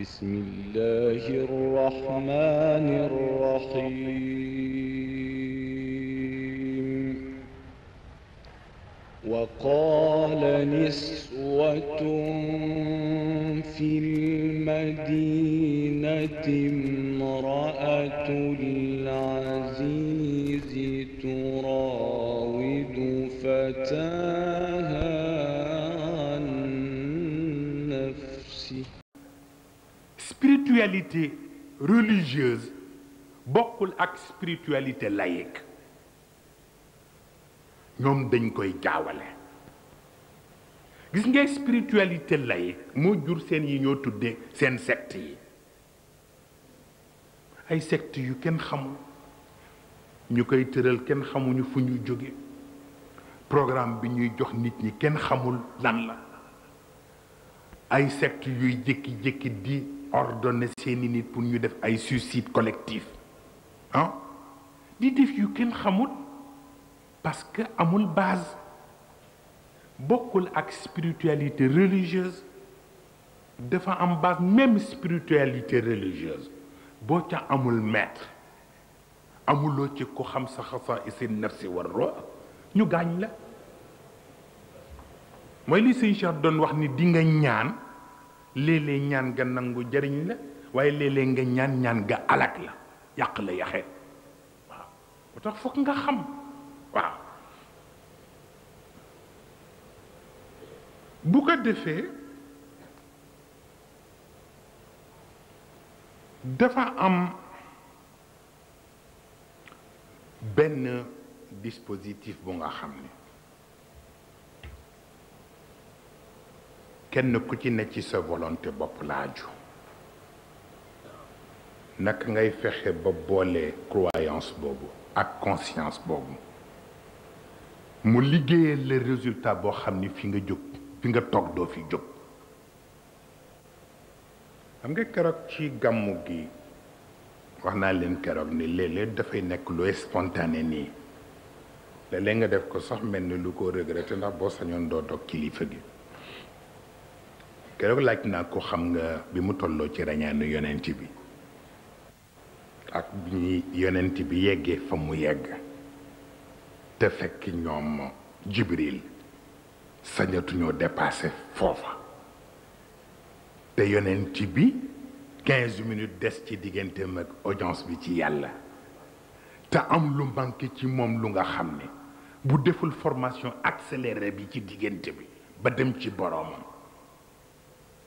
بسم الله الرحمن الرحيم وقال نسوة في المدينة امرأة العزيز ترى spiritualité religieuse bokkul ak spiritualité laïque ñom dañ koy jaawale gis nga spiritualité laïque mo jur seen yi ñoo tuddee seen secte yi ay secte yu kenn xamul ñu koy tëral kenn xamuñu fu ñu joggé programme bi ñuy jox nit ñi kenn xamul lan la ay secte yu jekki jekki di ordonné ces nit pour ñu def ay suicide collectif ah hein? di def yu kenn xamul parce que amul base bokul ak spiritualité religieuse dafa am base même spiritualité religieuse bo ca amul maître lo ci ko xam sa xasa isin nafsi war roo ñu gañ la moy li sëñ Cheikh doon wax ni di nga ñaan lele ñaan ga nangu jariñ la waye lele nga ñaan ñaan ga alak la yaq la yaxé waaw tax fokk nga xam waaw bu ko defé dafa am ben dispositif bu nga xam kenn ku ci ne ci sa volonté bopp laaju naka ngay fexe ba boole croyance boobu ak conscience boobu mu liggéeyee le résultat boo xam ni fi nga jóg fi nga toog doo fi jóg xam nga keroog ci gàmmu gi wax naa leen keroog ni léeg-léeg dafay nekk lu spontané nii léeg nga def ko sax mel ni lu ko regretté ndax boo sañoon doo dog kilifa gi keroog laaj naa ko xam nga bi mu tolloo ci rañaanu yonent bi ak bi yonent bi yeggee fa mu yegg te fekk ñoom jibril sañatuñoo dépassé foofa te yonent bi quinze minutes des ci digganteem ak audience bi ci yàlla te am lu manqué ci moom lu nga xam ne bu deful formation accélérée bi ci diggante bi ba dem ci boroomam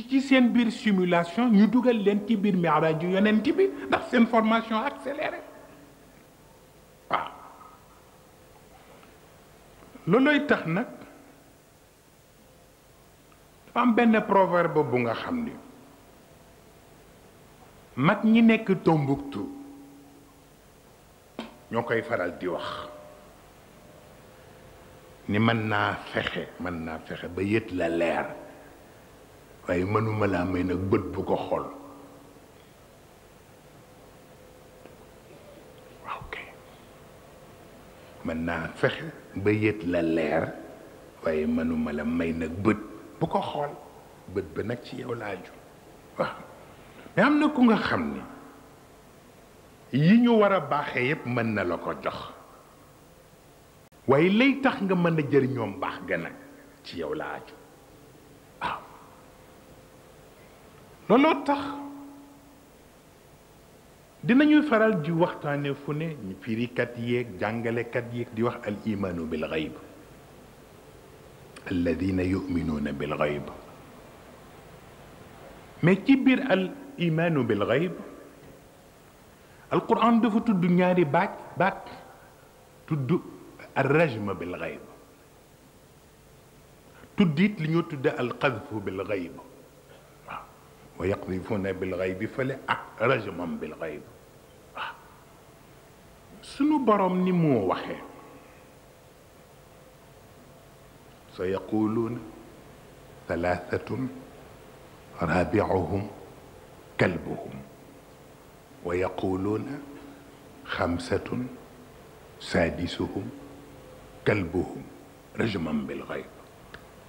ci seen biir simulation ñu dugal leen ci biir miraaju yonent bi ndax seen formation accélérée waaw loolooy tax nag dafa am proverbe bu nga xam ni mag ñi nekk Tombouctou faral di wax ni mana naa mana mën naa ba la leer waaye mënuma laa may nag bët bu ko xool mën naa fexe ba la leer waaye mënuma la may nag bët bu ko xool bët ba nag ci yow laa ju waaw mais am na ku nga xam ni yi ñu war a baaxee yépp mën na la ko jox waaye lay tax nga mën na jëriñoom baax ga nag ci yow laa ju looloo tax dinañuy faral di waxtaane fu ne ñu firikat yeeg jàngalekat yeeg di wax al imaanu bil xayb alladina yuminuuna bil xayb mais ci biir al imaanu bil xayb al quran dafa tudd ñaari baat baat tudd al rajma bil xayb tuddit li ñu tudde al qadfu bil xayb ويقذفون بالغيب fële ak rajmam bil gayb waaw sunu borom ni moo waxee sa yaquluuna thalathatun rabiuhum kalbuhum wa yaquluuna xamsatun saadisuhum kalbuhum rajman bil gayb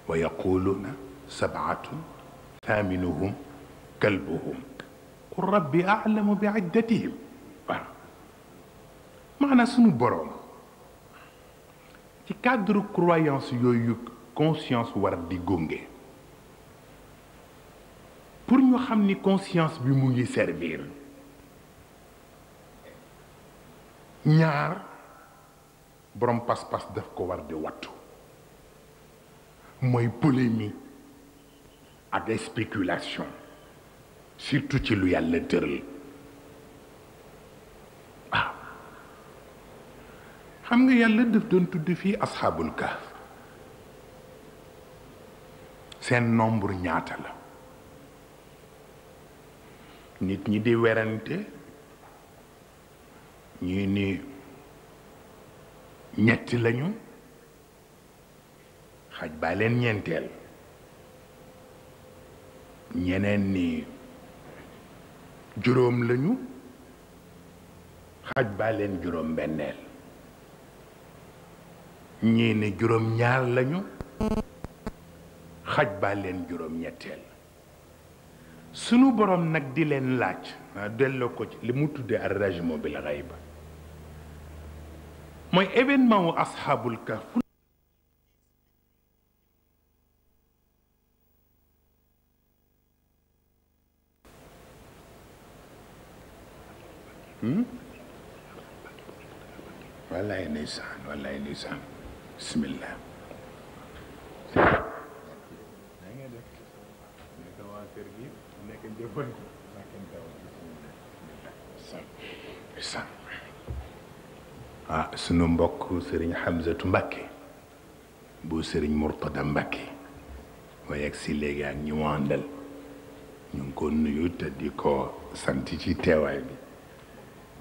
wa yaquluuna sabatun thaminuhum كلبهم qul rabbi de bi iddatihim de maanaam cadre croyance conscience pour ñu xam conscience bi mu ngi servir ñaar borom pas-pas de ko war di wattu mooy polémique surtout ci lu yàlla tëral waaw ah. xam nga yàlla daf doon tudd fii asxaabul kaaf seen nombre ñaata la nit ñi di werante ñii ni ñetti lañu xaj baa leen ñeenteel ñeneen ni juróom lañu xaaj baa leen juróom benneel ñii ne juróom ñaar lañu xaj baa leen juróom ñetteel sunu borom nag di leen laaj naa delloo ko ci li mu tuddee ar rajmo bil xayba mooy événement wu asxaabul kahf Hmm? wallaay ndeysaan wallaay ndeysaan bismillah ah sunu mbokk sëriñ Hamzatu Mbàkke bu sëriñ Murtada Mbàkke moo yegg si léegi ak ñu mu àndal ñu ngi ko nuyu di ko sant ci teewaay bi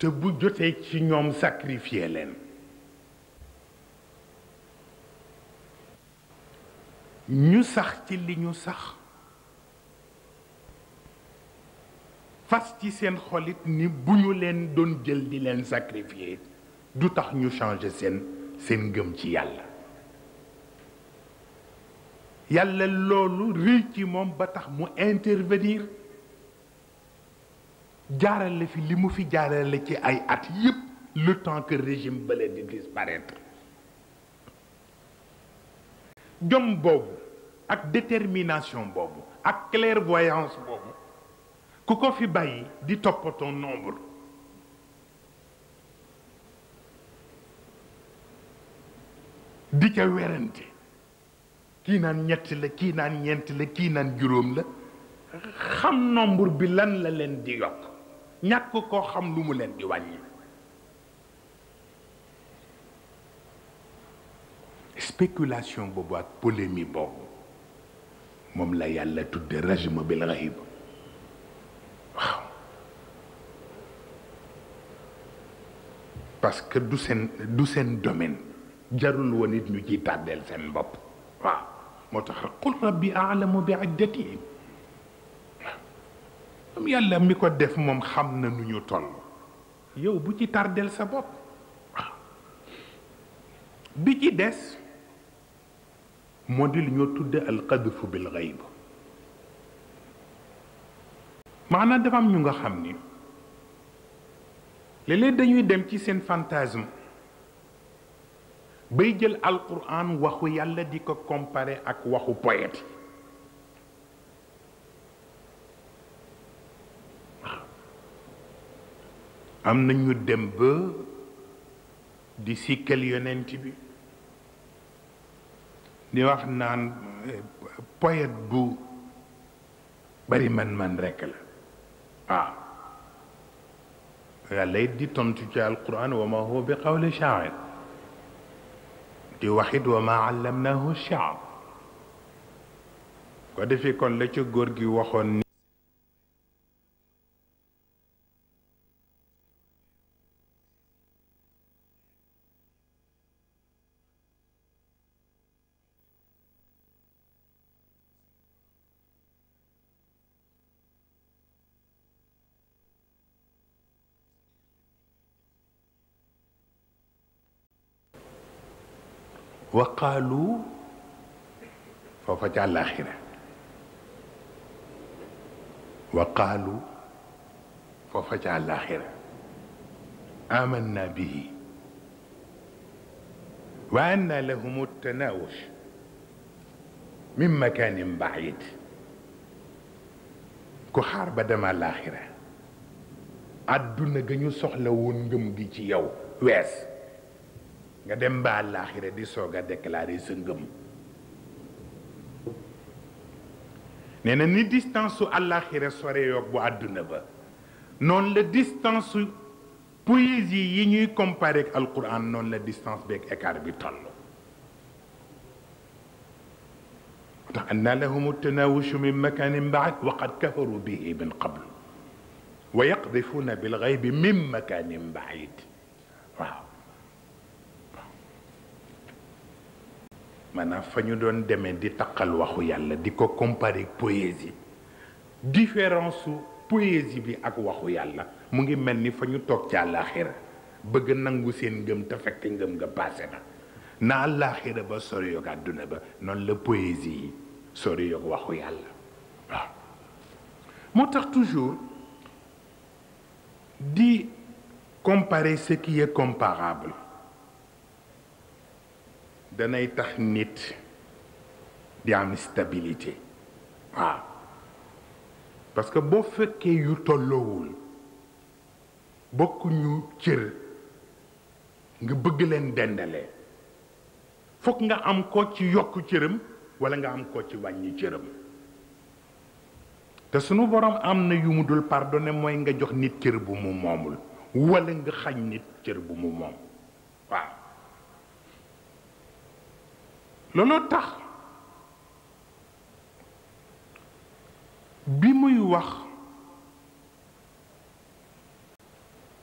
te bu sacrifiés. ci ñom sacrifier Nous ñu sax ci li ñu sax fas ci seen xolit ni bu ñu doon di sacrifier du tax ñu changer seen seen ngëm ci yalla yalla loolu ri ci mom ba intervenir jaarale fi limu fi ci ay at le temps que régime bële di disparaître jom boobu ak détermination boobu ak clairvoyance boobu ku ko fi di nombre di ca werante kii ñett la kii naan ñeent xam nombre bi lan la di ñàkk koo xam lu mu leen di wàññi spéculation boobu ak polémie boobu moom la yàlla tudde régime bil ghaib parce que du seen du seen domaine jarul woon it ñu ciy tàddeel seen bopp waaw moo tax qul rabbi aalamu bi iddatihim am yàlla mi ko def moom xam na nu ñu toll yow bu ci tardel sa bopp waaw bi ci des moo di lu ñoo tudde alqadfu bil xayb maanaam dafa am ñu nga xam ni léeg-léeg dañuy dem ci seen fantasme bay jël alquran waxu yàlla di ko comparé ak waxu poète am na ñu dem ba di sikkal yonent bi di wax naan poète bu bari man-man rekk la waaw yàlla di tontu ci alquran wa ma huwa bi qawli shaa'ir di waxit wa ma allamnaahu sha'r ko defee kon la ca góor gi waxoon ni وقالوا ففجع الآخرة وقالوا ففجع الآخرة آمنا به وأن لهم التناوش من مكان بعيد كحار بدما الآخرة أدنى جنيو سخلا ونجم جيجيو ويس ويس nga dem ba àllaaxira di soga déclarer ce ngëm néna ni distance su àllaaxira sore yok bu aduna ba non la distance poésie yi ñuy comparer ak alcorane non la distance bek écart bi toll أن لهم التناوش من مكان بعد وقد كفروا به من قبل ويقذفون بالغيب من مكان بعيد maanaam fa ñu doon demee di takal waxu yalla di ko comparer poésie différence poésie bi ak waxu yalla mu ngi melni ni tok ñu toog ci àllaaxira bëgg nangu seen ngëm ta fekk ngëm nga passé na na àllaaxira ba sori yo gaduna ba non le poésie sori yo waxu yalla motax toujours di comparer ce qui est comparable danay tax nit di am stabilité waaw parce que boo fekkee yu tolloowul bokkuñu cër nga bëgg leen dendalee foog nga am ko ci yokk cëram walla nga am ko ci wàññi cëram te sunu borom am na yu mu dul pardonné mooy nga jox nit cër bu mu moomul walla nga xañ nit cër bu mu moom waaw looloo tax bi muy wax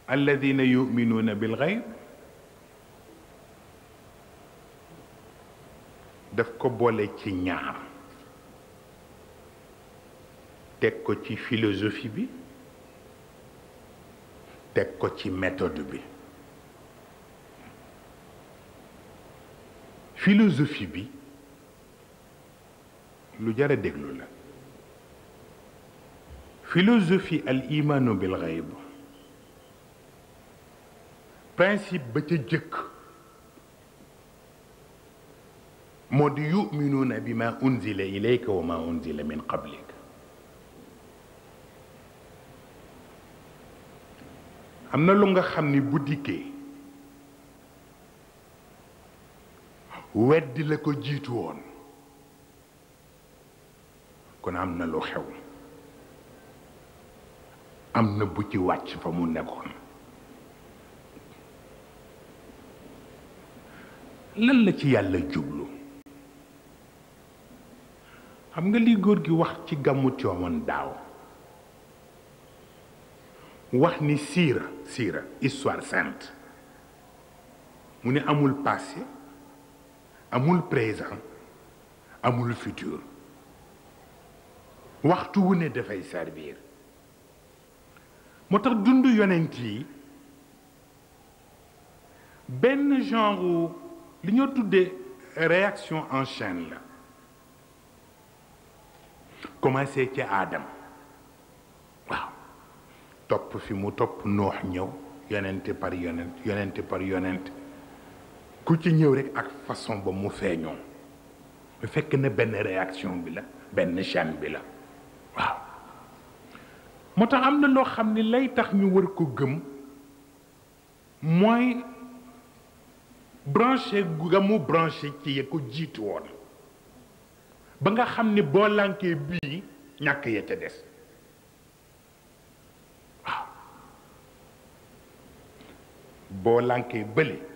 alladina yuminuuna bilxayb daf ko boole ci ñaar teg ko ci philosophie bi teg ko ci méthode bi philosophie bi lu jar déglu la philosophie al iman bil ghaib principe ba ca jëkk moo di yuminuuna bi maa unzila ilayka wa maa unzila min qablik am na lu nga xam ni bu dikkee weddi la ko jiitu woon kon am na lu xew am na bu ci wàcc fa mu nekkoon lan la ci yàlla jublu xam nga li góor gi wax ci gàmmu coomoon daaw wax ni siira siira histoire sainte mu ne amul passé amul présent amul futur waxtu wu ne sarbir, servir moo tax ben yonent yi Ben genre li ñoo tuddee réaction en chaîne la commencé ci adam waaw top fi mu top noox ñew yonent par yonent yonent par yonent ku ci ñëw rekk ak façon ba mu feeñoo bu fekk ne benn réaction bi la benn chaîne bi la waaw moo tax am na loo xam ne lay tax ñu war ko gëm mooy branché ga mu branché ci ya ko jiitu woon ba nga xam ni boo lànkee bii ñàkk ya ca des waaw boo lànkee bële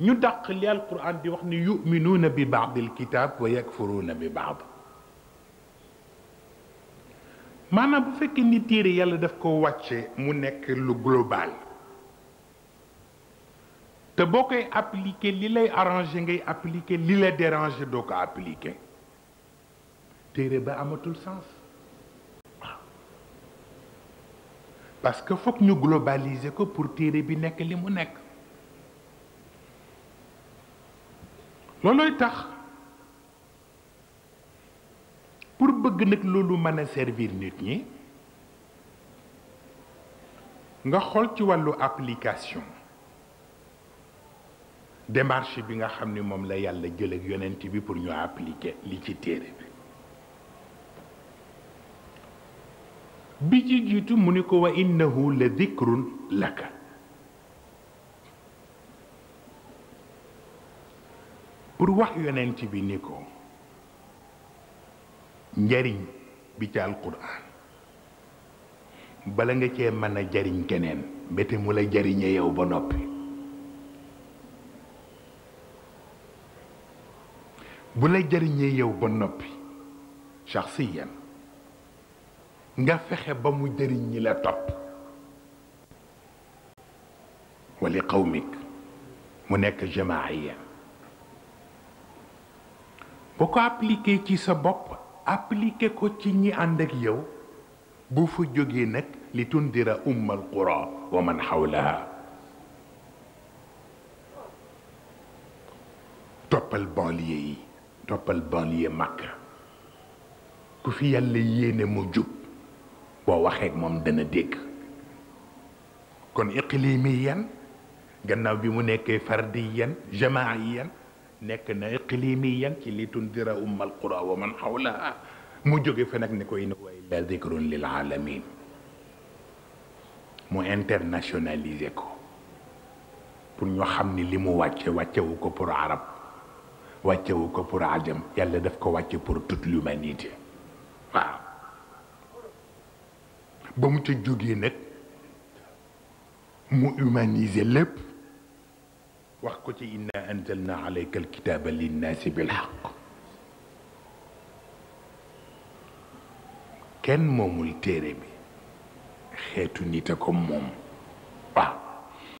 ñu dàq li alquran di wax ni yu'minuna bi ba'd alkitab wa yakfuruna bi ba'd bu ni global te bokay appliquer li lay arranger ngay appliquer li lay dérangé ko appliquer ba amatul sens parce que nous ñu globaliser pour téré bi nek li loolooy tax pour bëgg nag loolu mën a servir nit ñi nga xol ci wàllu application démarche bi nga xam ni moom la yàlla jël ak yonent bi pour ñu appliquer li ci téere bi bi ci jiitu mu ni ko wa innahu la dikrun laka pour wax yonent bi ni ko njariñ bi ci alquran bala nga cee mën a jariñ keneen mbete mu la yow ba noppi bu la jariñee yow ba noppi shaxsiyan nga fexe ba mu jariñ ñi la topp wali qawmik mu nekk jamaiya boo ko appliqué ci sa bopp appliquer ko ci ñi ànd ak yow bu fa jógee nag li tundira umma alqura wa man xawlaha toppal banlie yi toppal banlie Makka ku fi yàlla yéene mu jub boo ak moom dana dégg kon iqlimiyan gannaaw bi mu nekkee fardiyan jamaiyan nek na iqlimiyan ci li tundira umma alqura wa man xawlaha mu jóge fe nak ne koy in way la dhikrun lil alamin mu internationaliser ko pour ñu xamni limu wacce wàcce wu ko pour arab wacce wu ko pour ajam yàlla daf ko wàcce pour toute l'humanité wa ba mu ci joge nak mu humaniser lépp وقت إنا أنزلنا عليك الكتاب للناس بالحق كان موم التيربي خيتو نيتكم موم آه.